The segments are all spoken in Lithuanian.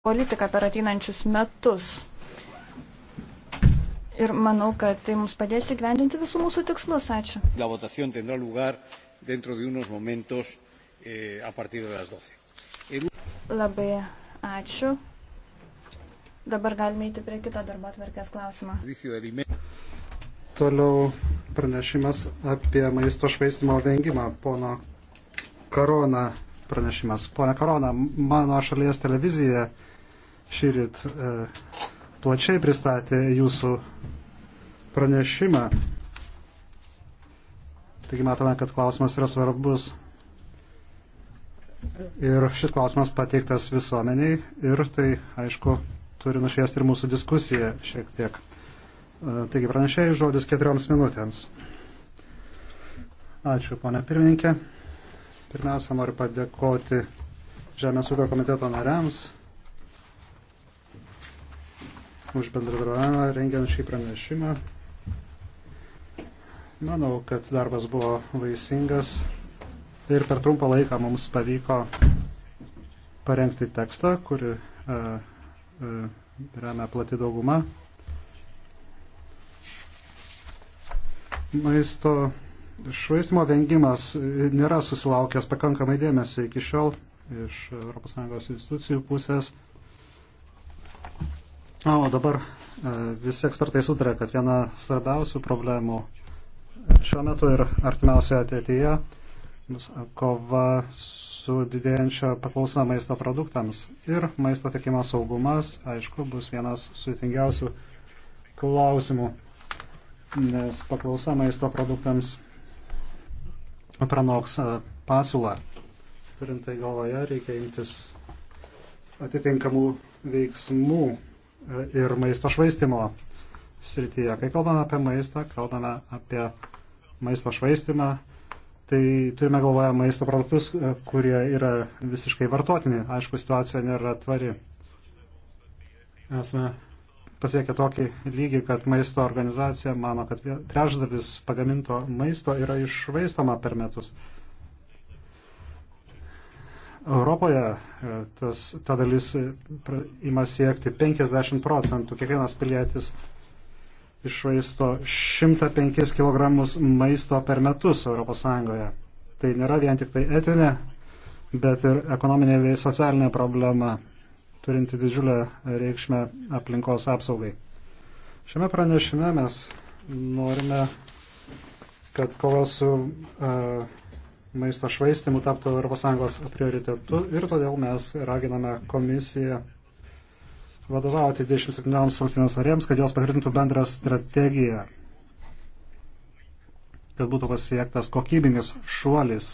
politiką per ateinančius metus. Ir manau, kad tai mums padės įgyvendinti visų mūsų tikslus. Ačiū. La votación tendrá lugar dentro de unos momentos eh, a partir de las 12. El... Labai ačiū. Dabar galime įti prie kito darbo atverkės klausimą. Toliau pranešimas apie maisto švaistimo vengimą. Pono Karona pranešimas. Pone Karona, mano šalies televizija šyrit e, plačiai pristatė jūsų pranešimą. Taigi matome, kad klausimas yra svarbus. Ir šis klausimas pateiktas visuomeniai ir tai, aišku, turi nušviesti ir mūsų diskusiją šiek tiek. E, taigi pranešėjai žodis keturioms minutėms. Ačiū, ponė pirmininkė. Pirmiausia, noriu padėkoti Žemės ūkio komiteto nariams už bendradarbiavimą rengiant šį pranešimą. Manau, kad darbas buvo vaisingas ir per trumpą laiką mums pavyko parengti tekstą, kuri e, e, remia plati dauguma. Maisto švaistimo vengimas nėra susilaukęs pakankamai dėmesio iki šiol iš ES institucijų pusės. O dabar e, visi ekspertai sutarė, kad viena svarbiausių problemų šiuo metu ir artimiausioje ateityje bus kova su didėjančia paklausa maisto produktams. Ir maisto tiekimo saugumas, aišku, bus vienas sudėtingiausių klausimų, nes paklausa maisto produktams pranoks e, pasiūlą. Turint tai galvoje, reikia imtis atitinkamų veiksmų ir maisto švaistimo srityje. Kai kalbame apie maistą, kalbame apie maisto švaistimą, tai turime galvoje maisto produktus, kurie yra visiškai vartotini. Aišku, situacija nėra tvari. Esame pasiekę tokį lygį, kad maisto organizacija mano, kad trečdalis pagaminto maisto yra išvaistoma per metus. Europoje e, tas, ta dalis e, ima siekti 50 procentų. Kiekvienas pilietis išvaisto 105 kg maisto per metus ES. Tai nėra vien tik tai etinė, bet ir ekonominė bei socialinė problema, turinti didžiulę reikšmę aplinkos apsaugai. Šiame pranešime mes norime, kad kova su uh, maisto švaistimų taptų ES prioritetu ir todėl mes raginame komisiją vadovauti 27 valstybėms narėms, kad jos patvirtintų bendrą strategiją, kad būtų pasiektas kokybinis šuolis,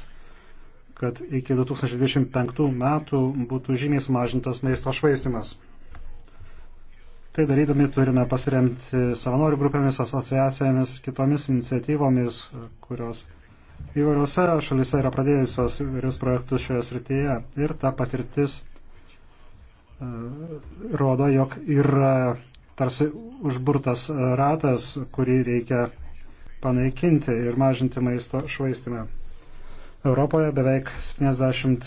kad iki 2025 metų būtų žymiai sumažintas maisto švaistimas. Tai darydami turime pasiremti savanorių grupėmis, asociacijomis ir kitomis iniciatyvomis, kurios įvairiose šalise yra pradėjusios įvairius projektus šioje srityje ir ta patirtis e, rodo, jog yra tarsi užburtas ratas, kurį reikia panaikinti ir mažinti maisto švaistimą. Europoje beveik 70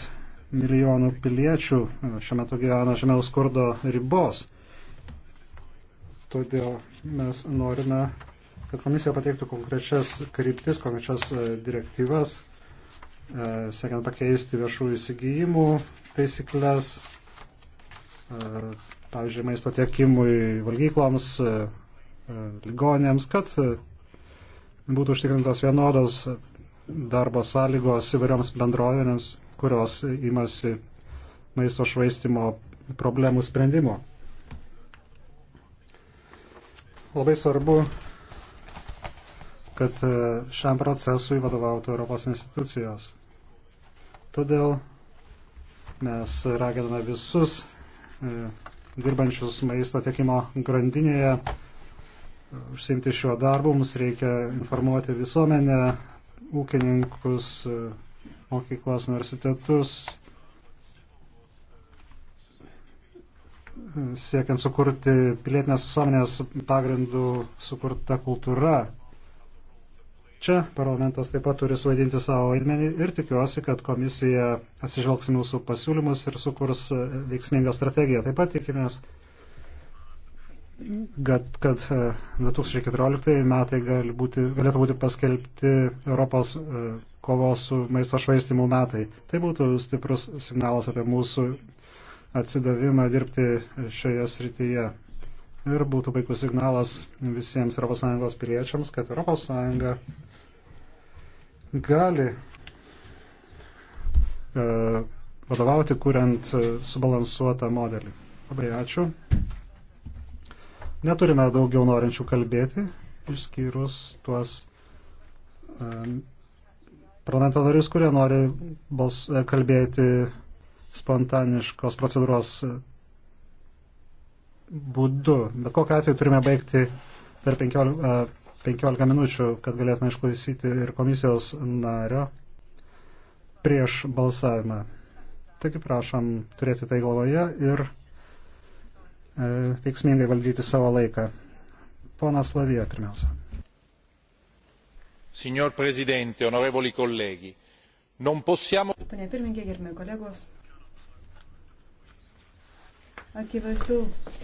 milijonų piliečių e, šiuo metu gyvena žemiau skurdo ribos. Todėl mes norime kad komisija pateiktų konkrečias kryptis, konkrečias e, direktyvas, e, siekiant pakeisti viešų įsigijimų taisyklės, e, pavyzdžiui, maisto tiekimui valgykloms, ligonėms, kad būtų užtikrintos vienodos darbo sąlygos įvairioms bendrovėms, kurios imasi maisto švaistimo problemų sprendimo. Labai svarbu kad e, šiam procesui vadovautų Europos institucijos. Todėl mes raginame visus e, dirbančius maisto tiekimo grandinėje e, užsiimti šiuo darbu. Mums reikia informuoti visuomenę, ūkininkus, mokyklas, universitetus, siekiant sukurti pilietinės visuomenės pagrindų sukurta kultūra Čia parlamentas taip pat turi suvaidinti savo vaidmenį ir tikiuosi, kad komisija atsižvelgs mūsų pasiūlymus ir sukurs veiksmingą strategiją. Taip pat tikimės, kad, kad 2014 e, metai gali būti, galėtų būti paskelbti Europos e, kovos su maisto švaistimu metai. Tai būtų stiprus signalas apie mūsų atsidavimą dirbti šioje srityje. Ir būtų puikus signalas visiems ES piliečiams, kad ES gali e, vadovauti, kuriant e, subalansuotą modelį. Labai ačiū. Neturime daugiau norinčių kalbėti, išskyrus tuos e, parlamento narius, kurie nori bals, kalbėti spontaniškos procedūros būdu. Bet kokią atveju turime baigti per 15, 15 minučių, kad galėtume išklausyti ir komisijos nario prieš balsavimą. Taigi prašom turėti tai galvoje ir e, veiksmingai valdyti savo laiką. Ponas Lavija pirmiausia. Signor Presidente, onorevoli colleghi, non possiamo. Pane pirmininkė, gerbimi kolegos, Akivaizdu,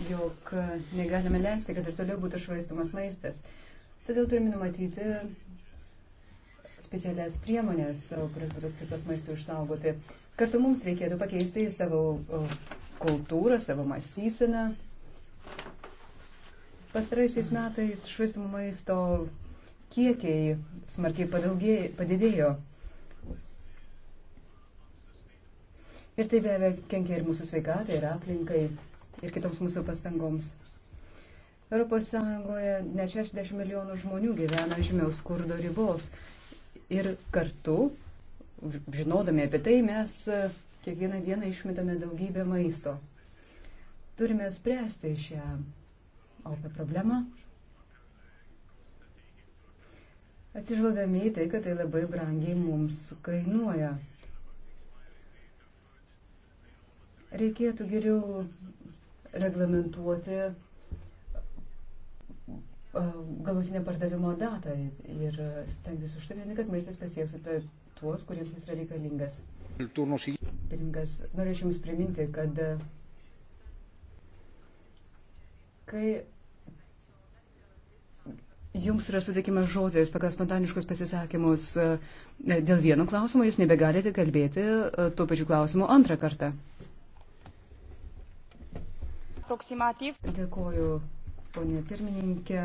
jog e, negalime leisti, kad ir toliau būtų švaistomas maistas. Todėl turime numatyti specialias priemonės, kurios būtų skirtos maistui išsaugoti. Kartu mums reikėtų pakeisti savo kultūrą, savo mąstyseną. Pastaraisiais metais švaistumų maisto kiekiai smarkiai padidėjo. Ir tai be abejo kenkia ir mūsų sveikatai, ir aplinkai, ir kitoms mūsų pastangoms. Europos Sąjungoje ne 60 milijonų žmonių gyvena žemiau skurdo ribos. Ir kartu, žinodami apie tai, mes e, kiekvieną dieną išmetame daugybę maisto. Turime spręsti šią opę problemą. Atsižvaldami į tai, kad tai labai brangiai mums kainuoja. Reikėtų geriau reglamentuoti galutinę pardavimo datą ir stengtis užtikrinti, kad maistas pasiektų tuos, kuriems jis yra reikalingas. Piringas, norėčiau Jums priminti, kad kai Jums yra sutikimas žodis pagal spontaniškus pasisakymus dėl vieno klausimo, Jūs nebegalite kalbėti tuo pačiu klausimu antrą kartą. Dėkoju ponė pirmininkė.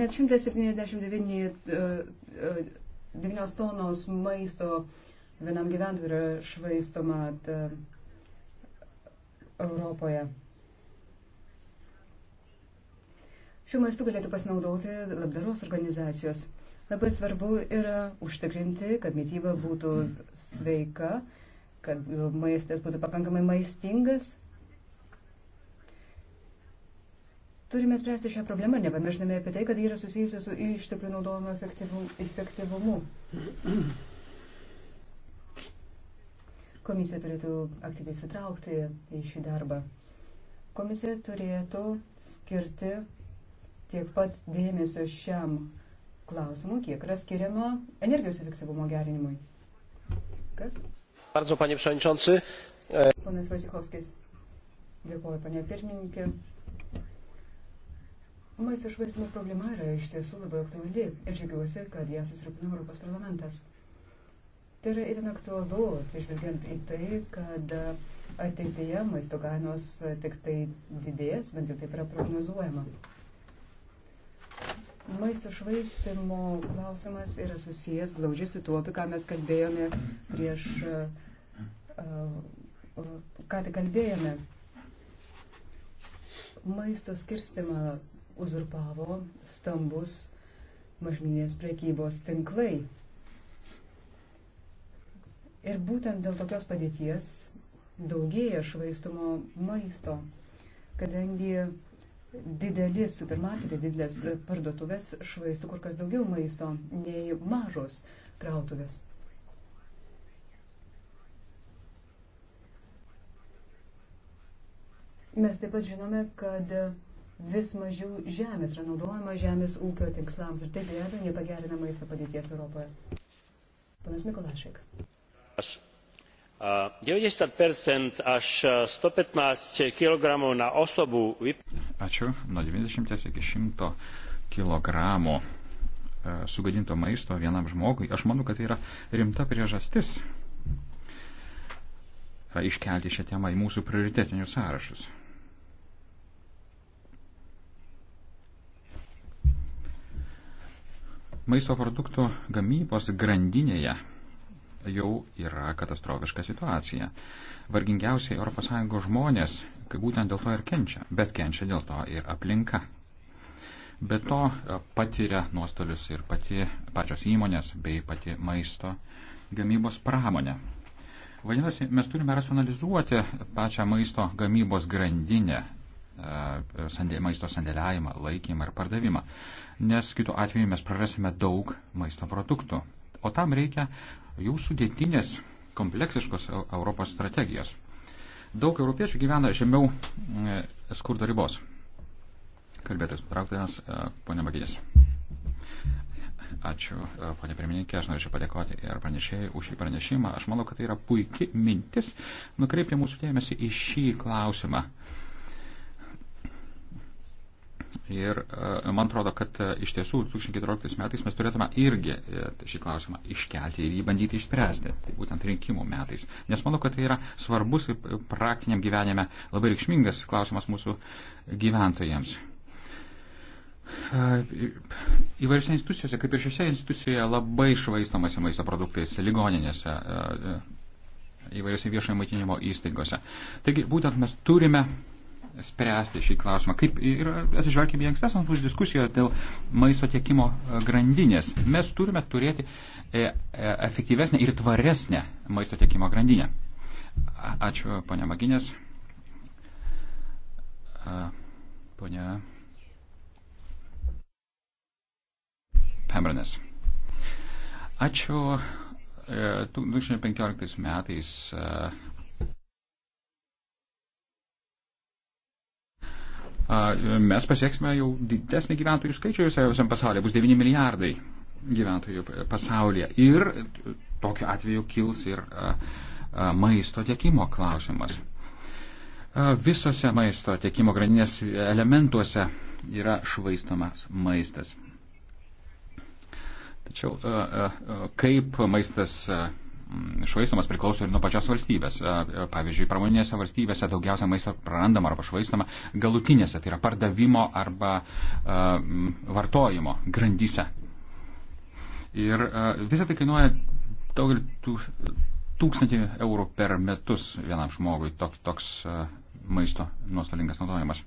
Net 179 e, e, tonos maisto vienam gyventojui yra švaistoma e, Europoje. Šiuo maistu galėtų pasinaudoti labdaros organizacijos. Labai svarbu yra užtikrinti, kad mytyba būtų sveika kad e, maistas būtų pakankamai maistingas. Turime spręsti šią problemą, nepamirštame apie tai, kad ji yra susijusi su išteklių naudojimo efektyvumu. Komisija turėtų aktyviai sitraukti į šį darbą. Komisija turėtų skirti tiek pat dėmesio šiam klausimui, kiek yra skiriama energijos efektyvumo gerinimui. Kas? Bardzo, panie przewodniczący. Ponas Vasikovskis. Dėkuoju, panė pirmininkė. Maisto švaistimo problema yra iš tiesų labai aktuali ir džiaugiuosi, kad ją susirūpino Europos parlamentas. Tai yra itin aktualu, atsižvelgiant į tai, kad ateityje maisto kainos tik tai didės, bent jau taip yra prognozuojama maisto švaistimo klausimas yra susijęs glaudžiai su tuo, apie ką mes kalbėjome prieš, ką tik kalbėjome. Maisto skirstimą uzurpavo stambus mažminės prekybos tinklai. Ir būtent dėl tokios padėties daugėja švaistumo maisto, kadangi dideli supermarketai, didelės e, parduotuvės švaistų kur kas daugiau maisto nei mažos krautuvės. Mes taip pat žinome, kad vis mažiau žemės yra naudojama žemės ūkio tikslams ir tai be abejo nepagerina maisto padėties Europoje. Panas Mikolašek. 90 e, až 115 e, kg na osobu vyp... Ačiū. Nuo 90 iki 100 kg e, sugadinto maisto vienam žmogui. Aš manau, kad tai yra rimta priežastis e, iškelti šią temą į mūsų prioritetinius sąrašus. Maisto produktų gamybos grandinėje jau yra katastrofiška situacija. Vargingiausiai ES žmonės būtent dėl to ir kenčia, bet kenčia dėl to ir aplinka. Be to e, patiria nuostolius ir pati, pačios įmonės bei pati maisto gamybos pramonė. Vadinasi, mes turime racionalizuoti pačią maisto gamybos grandinę, e, sandė, maisto sandėliavimą, laikymą ir pardavimą, nes kitų atveju mes prarasime daug maisto produktų. O tam reikia jų sudėtinės kompleksiškos Europos strategijos. Daug europiečių gyvena žemiau e, skurdo ribos. Kalbėtas nutrauktas, e, ponė Maginės. Ačiū, e, ponė pirmininkė, aš norėčiau padėkoti ir pranešėjai už šį pranešimą. Aš manau, kad tai yra puikia mintis nukreipti mūsų dėmesį į šį klausimą. Uh, Ir e, man atrodo, kad e, iš tiesų 2014 metais mes turėtume irgi e, šį klausimą iškelti ir jį bandyti išspręsti, tai būtent rinkimų metais. Nes manau, kad tai yra svarbus ir praktiniam gyvenime labai reikšmingas klausimas mūsų gyventojams. Įvairiose institucijose, kaip ir šiose institucijoje, labai švaistamasi maisto produktais, ligoninėse, įvairiose viešojo maitinimo įstaigose. Taigi būtent mes turime spręsti šį klausimą. Kaip ir atsižvelgime į ankstesnės mūsų diskusijos dėl maisto tiekimo e, grandinės. Mes turime turėti e, e, efektyvesnę ir tvaresnę maisto tiekimo grandinę. Ačiū, ponia Maginės. Ponia Pembranes. Ačiū. 2015 metais mes pasieksime jau didesnį gyventojų skaičių visam pasaulyje, bus 9 milijardai gyventojų pasaulyje. Ir tokiu atveju kils ir maisto tiekimo klausimas. Visose maisto tiekimo grandinės elementuose yra švaistamas maistas. Tačiau kaip maistas Mm, švaistomas priklauso ir nuo pačios valstybės. E, e, pavyzdžiui, pramoninėse valstybėse daugiausia maisto prarandama arba švaistoma galutinėse, tai yra pardavimo arba e, vartojimo grandyse. Ir visą tai kainuoja daugelį tų, tūkstantį eurų per metus vienam žmogui toks, toks maisto nuostolingas naudojimas.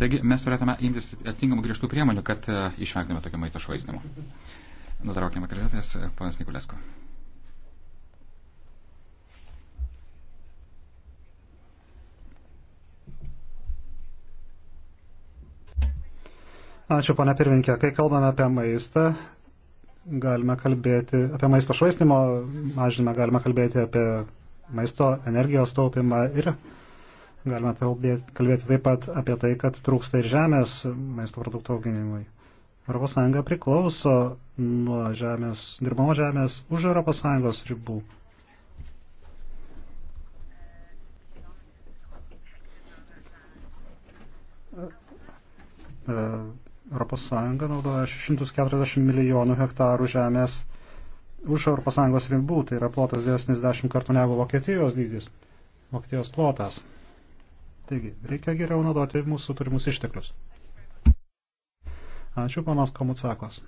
Taigi mes turėtume imtis atitinkamų griežtų priemonių, kad išvengtume tokio maisto švaistimo. Nutraukime kalbėtojas, ponas Nikulesko. Ačiū, ponia pirminkė. Kai kalbame apie maistą, galime kalbėti apie maisto švaistimo mažinimą, galime kalbėti apie maisto energijos taupimą ir galime kalbėti, kalbėti taip pat apie tai, kad trūksta ir žemės maisto produktų auginimui. ES priklauso nuo žemės, dirbamo žemės už ES ribų. Uh, ES naudoja 640 milijonų hektarų žemės už ES ribų, tai yra plotas didesnis 10 kartų negu Vokietijos dydis, Vokietijos plotas. Taigi, reikia geriau naudoti mūsų turimus išteklius. Ačiū, panas Komutsakos.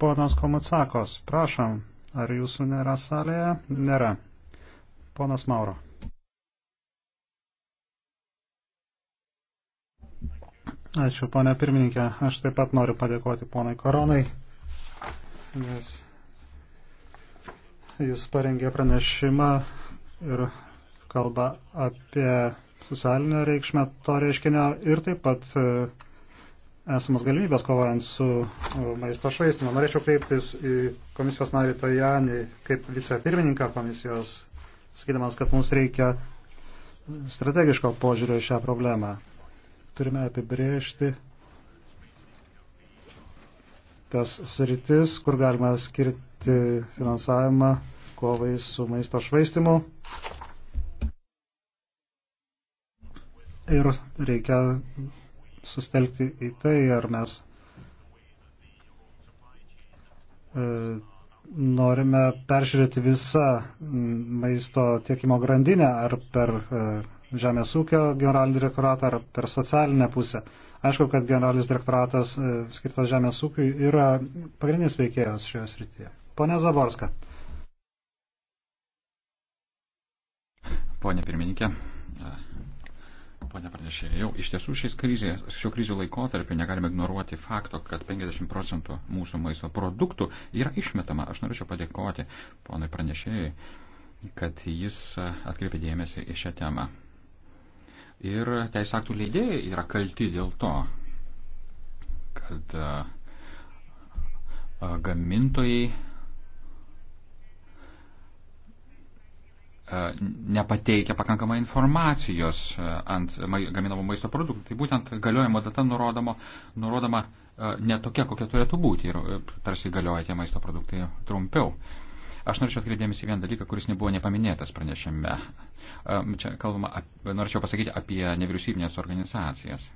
Ponas Komutsakos, prašom. Ar jūsų nėra salėje? Nėra. Ponas Mauro. Ačiū, ponė pirmininkė. Aš taip pat noriu padėkoti ponai Koronai, nes jis parengė pranešimą ir kalba apie socialinę reikšmę to reiškinio ir taip pat esamas galimybės kovojant su maisto švaistimu. Norėčiau kreiptis į komisijos narį Tajanį kaip vicepirmininką komisijos, sakydamas, kad mums reikia strategiško požiūrio į šią problemą. Turime apibriežti tas sritis, kur galima skirti finansavimą kovai su maisto švaistimu. Ir reikia sustelkti į tai, ar mes e, norime peržiūrėti visą maisto tiekimo grandinę ar per e, Žemės ūkio generalinį direktoratą ar per socialinę pusę. Aišku, kad generalinis direktoratas e, skirtas Žemės ūkiui yra pagrindinis veikėjas šioje srityje. Pone Zaborska. Pone pirmininkė, Pane pranešėjau, iš tiesų krizė, šio krizių laikotarpiu negalime ignoruoti fakto, kad 50 procentų mūsų maisto produktų yra išmetama. Aš norėčiau padėkoti ponui pranešėjai, kad jis atkreipė dėmesį į šią temą. Ir teisės aktų leidėjai yra kalti dėl to, kad gamintojai E, nepateikia pakankamai informacijos e, ant gaminamo maisto produktų. Tai būtent galiojimo data nurodoma, nurodoma e, ne tokia, kokia turėtų būti ir tarsi galioja tie maisto produktai trumpiau. Aš norėčiau atkreipdėmės į vieną dalyką, kuris nebuvo nepaminėtas pranešime. Čia kalbama, norėčiau pasakyti apie nevyriausybinės organizacijas,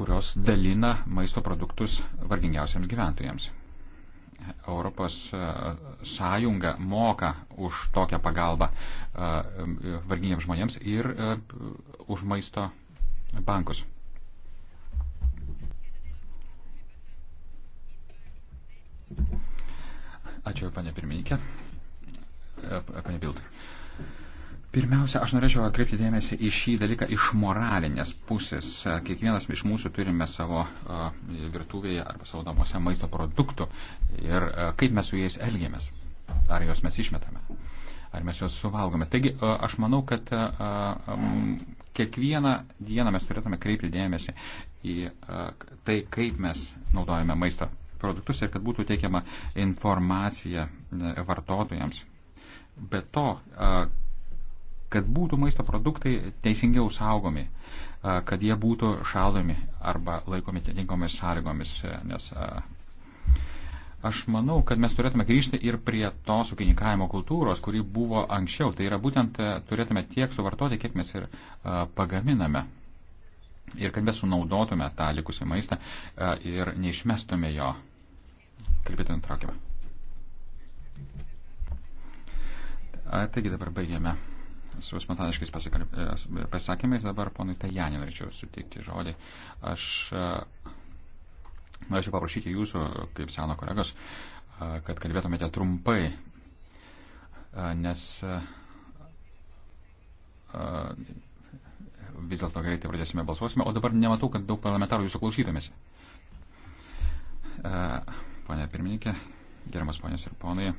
kurios dalina maisto produktus vargingiausiams gyventojams. Europos e, sąjunga moka už tokią pagalbą e, e, varginiams žmonėms ir už maisto bankus. Ačiū, panė pirmininkė. Panė Bildai. Pirmiausia, aš norėčiau atkreipti dėmesį į šį dalyką iš moralinės pusės. Kiekvienas iš mūsų turime savo e, virtuvėje arba savo namuose maisto produktų ir e, kaip mes su jais elgiamės. Ar juos mes išmetame, ar mes juos suvalgome. Taigi, e, aš manau, kad kiekvieną dieną mes turėtume kreipti dėmesį į tai, kaip mes naudojame maisto produktus ir kad būtų teikiama informacija vartotojams. Be to, kad būtų maisto produktai teisingiau saugomi, kad jie būtų šalomi arba laikomi atitinkomis sąlygomis. E, nes aš manau, kad mes turėtume grįžti ir prie tos ūkininkavimo kultūros, kuri buvo anksčiau. Tai yra būtent e, turėtume tiek suvartoti, kiek mes ir pagaminame. Ir kad mes sunaudotume tą likusį maistą ir neišmestume jo. Kalbėtume traukime. Taigi dabar baigėme su spontaniškais pasakymais. E, e, dabar ponui Tajanį norėčiau suteikti žodį. Aš e, norėčiau paprašyti jūsų, kaip seno kolegos, kad kalbėtumėte trumpai, nes vis dėlto greitai pradėsime balsuosime, o dabar nematau, kad daug parlamentarų jūsų klausytumėsi. Pane pirmininkė, gerimas ponės ir ponai,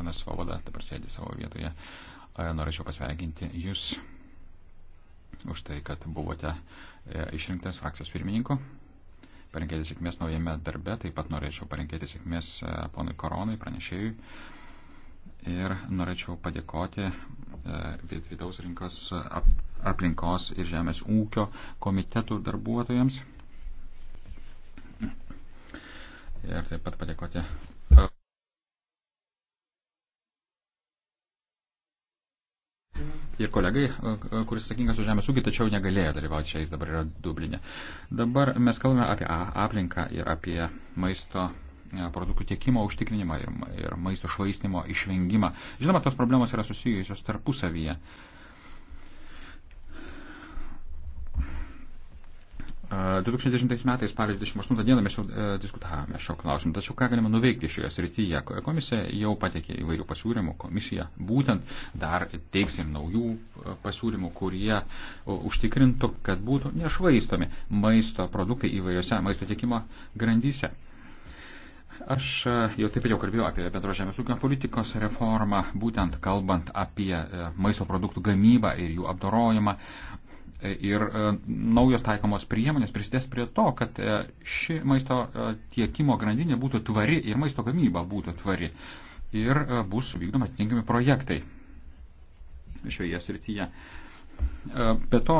panas Svoboda dabar sėdi savo vietoje. Uh, E, norėčiau pasveikinti Jūs už tai, kad buvote e, išrinktas frakcijos pirmininku. Parinkėti sėkmės naujame darbe, taip pat norėčiau parinkėti sėkmės e, ponui Koronui, pranešėjui. Ir norėčiau padėkoti vidaus rinkos aplinkos ir žemės ūkio komitetų darbuotojams. Ir taip pat padėkoti ir kolegai, e, kuris sakingas už žemės ūkį, tačiau negalėjo dalyvauti čia, jis dabar yra Dublinė. Dabar mes kalbame apie aplinką ir apie maisto e, produktų tiekimo užtikrinimą ir, ir maisto švaistimo išvengimą. Žinoma, tos problemos yra susijusios tarpusavyje. Uh, 2010 metais spalio 28 dieną mes jau e, diskutavome šio klausimu, tačiau ką galima nuveikti šioje srityje? Komisija jau patekė įvairių pasiūlymų, komisija būtent dar teiks ir naujų e, pasiūlymų, kurie užtikrintų, kad būtų nešvaistomi maisto produktai įvairiose maisto tiekimo grandyse. Aš e, jau taip jau kalbėjau apie bendro žemės ūkio politikos reformą, būtent kalbant apie maisto produktų gamybą ir jų apdorojimą. E, ir e, naujos taikomos priemonės prisidės prie to, kad e, ši maisto tiekimo grandinė būtų tvari ir maisto gamyba būtų tvari. Ir bus vykdoma atitinkami projektai šioje srityje. Be to,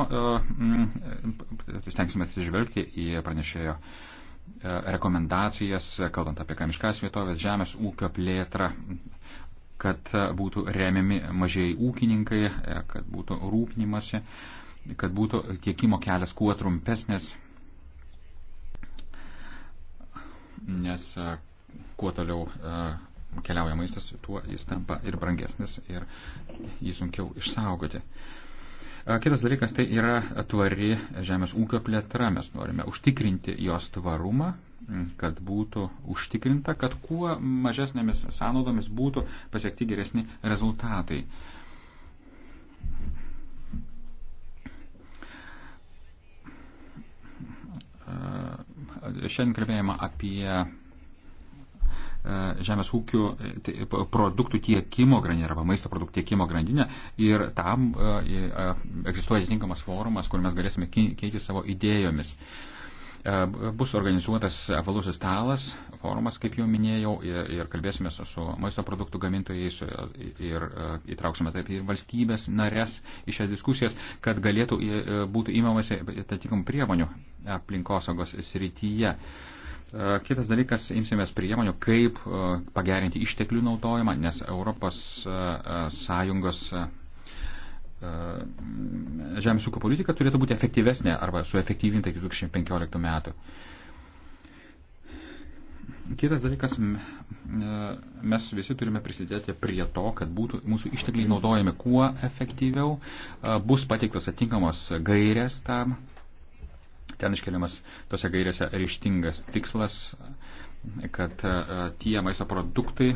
stengsime atsižvelgti į pranešėjo rekomendacijas, kalbant apie kamiškas vietovės, žemės ūkio plėtrą, kad būtų remiami mažiai ūkininkai, kad būtų rūpnimasi kad būtų tiekimo kelias kuo trumpesnis, nes e, kuo toliau e, keliauja maistas, tuo jis tampa ir brangesnis ir jį sunkiau išsaugoti. E, kitas dalykas tai yra tvari žemės ūkio plėtra. Mes norime užtikrinti jos tvarumą, kad būtų užtikrinta, kad kuo mažesnėmis sąnaudomis būtų pasiekti geresni rezultatai. Uh, šiandien kalbėjome apie e, žemės ūkių e, produktų tiekimo grandinę arba maisto produktų tiekimo grandinę ir tam e, egzistuoja atitinkamas forumas, kur mes galėsime keiti savo idėjomis. Uh, E, bus organizuotas apvalusis stalas, forumas, kaip jau minėjau, ir, ir kalbėsime su maisto produktų gamintojais e, ir e, įtrauksime taip ir valstybės narės į šias diskusijas, kad galėtų būtų įmamasi atitinkamų priemonių aplinkosaugos srityje. Kitas dalykas, imsimės priemonių, kaip pagerinti išteklių naudojimą, nes Europos Sąjungos žemės ūkio politika turėtų būti efektyvesnė arba suefektyvinta iki 2015 metų. Kitas dalykas, e, mes visi turime prisidėti prie to, kad būtų mūsų ištekliai naudojami kuo efektyviau, e, bus pateiktos atinkamos gairės tam, ten iškeliamas tose gairėse ryštingas tikslas, kad e, tie maisto produktai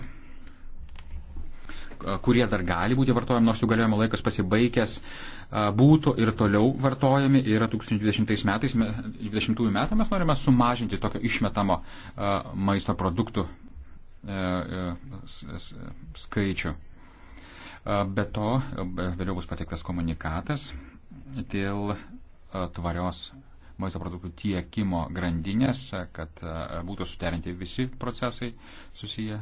kurie dar gali būti vartojami, nors jų galiojimo laikas pasibaigęs, būtų ir toliau vartojami. Ir 2020 metais, 20 metų mes norime sumažinti tokio išmetamo maisto produktų e, e, skaičių. Be to, vėliau bus pateiktas komunikatas dėl tvarios maisto produktų tiekimo grandinės, kad būtų suderinti visi procesai susiję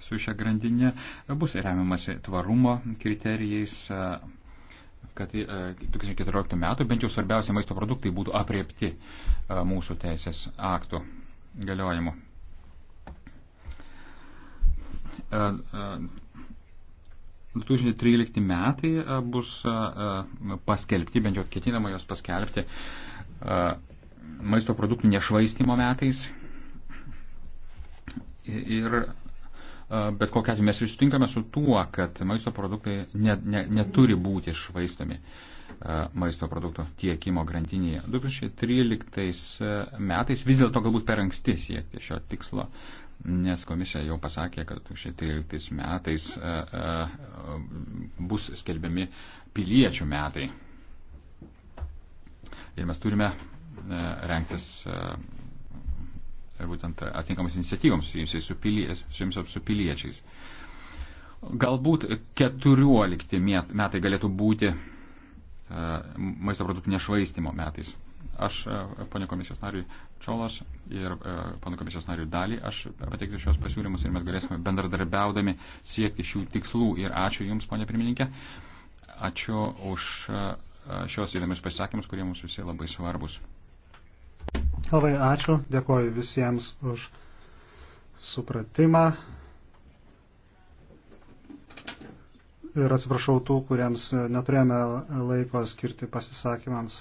su šia grandinė, bus remiamasi tvarumo kriterijais kad 2014 metų bent jau svarbiausia maisto produktai būtų apriepti mūsų teisės aktų galiojimu. E, e, 2013 metai bus paskelbti, bent jau ketinama jos paskelbti maisto produktų nešvaistimo metais. Ir bet kokia atveju mes visi sutinkame su tuo, kad maisto produktai ne, ne, neturi būti švaistomi maisto produktų tiekimo grandinėje. 2013 metais vis dėlto galbūt per anksti siekti šio tikslo, nes komisija jau pasakė, kad 2013 metais bus skelbiami piliečių metai. Ir mes turime renktis būtent atinkamas iniciatyvams susijusiais su, pilie, su piliečiais. Galbūt 14 metai galėtų būti e, maisto produktų nešvaistimo metais. Aš, e, ponio komisijos nariui Čiolas ir e, ponio komisijos nariui Dalį, aš pateiksiu šios pasiūlymus ir mes galėsime bendradarbiaudami siekti šių tikslų. Ir ačiū Jums, ponė pirmininkė, ačiū už šios įdomius pasisakymus, kurie mums visi labai svarbus. Labai ačiū, dėkoju visiems už supratimą. Ir atsiprašau tų, kuriems neturėjome laiko skirti pasisakymams.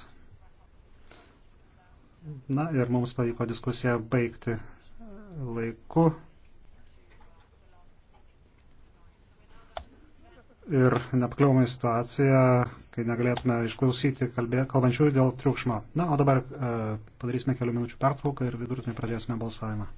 Na ir mums pavyko diskusiją baigti laiku. Ir neapkliaumai situacija, kai negalėtume išklausyti kalbė, kalbančiųjų dėl triukšmo. Na, o dabar e, padarysime kelių minučių pertrauką ir vidurtinį pradėsime balsavimą.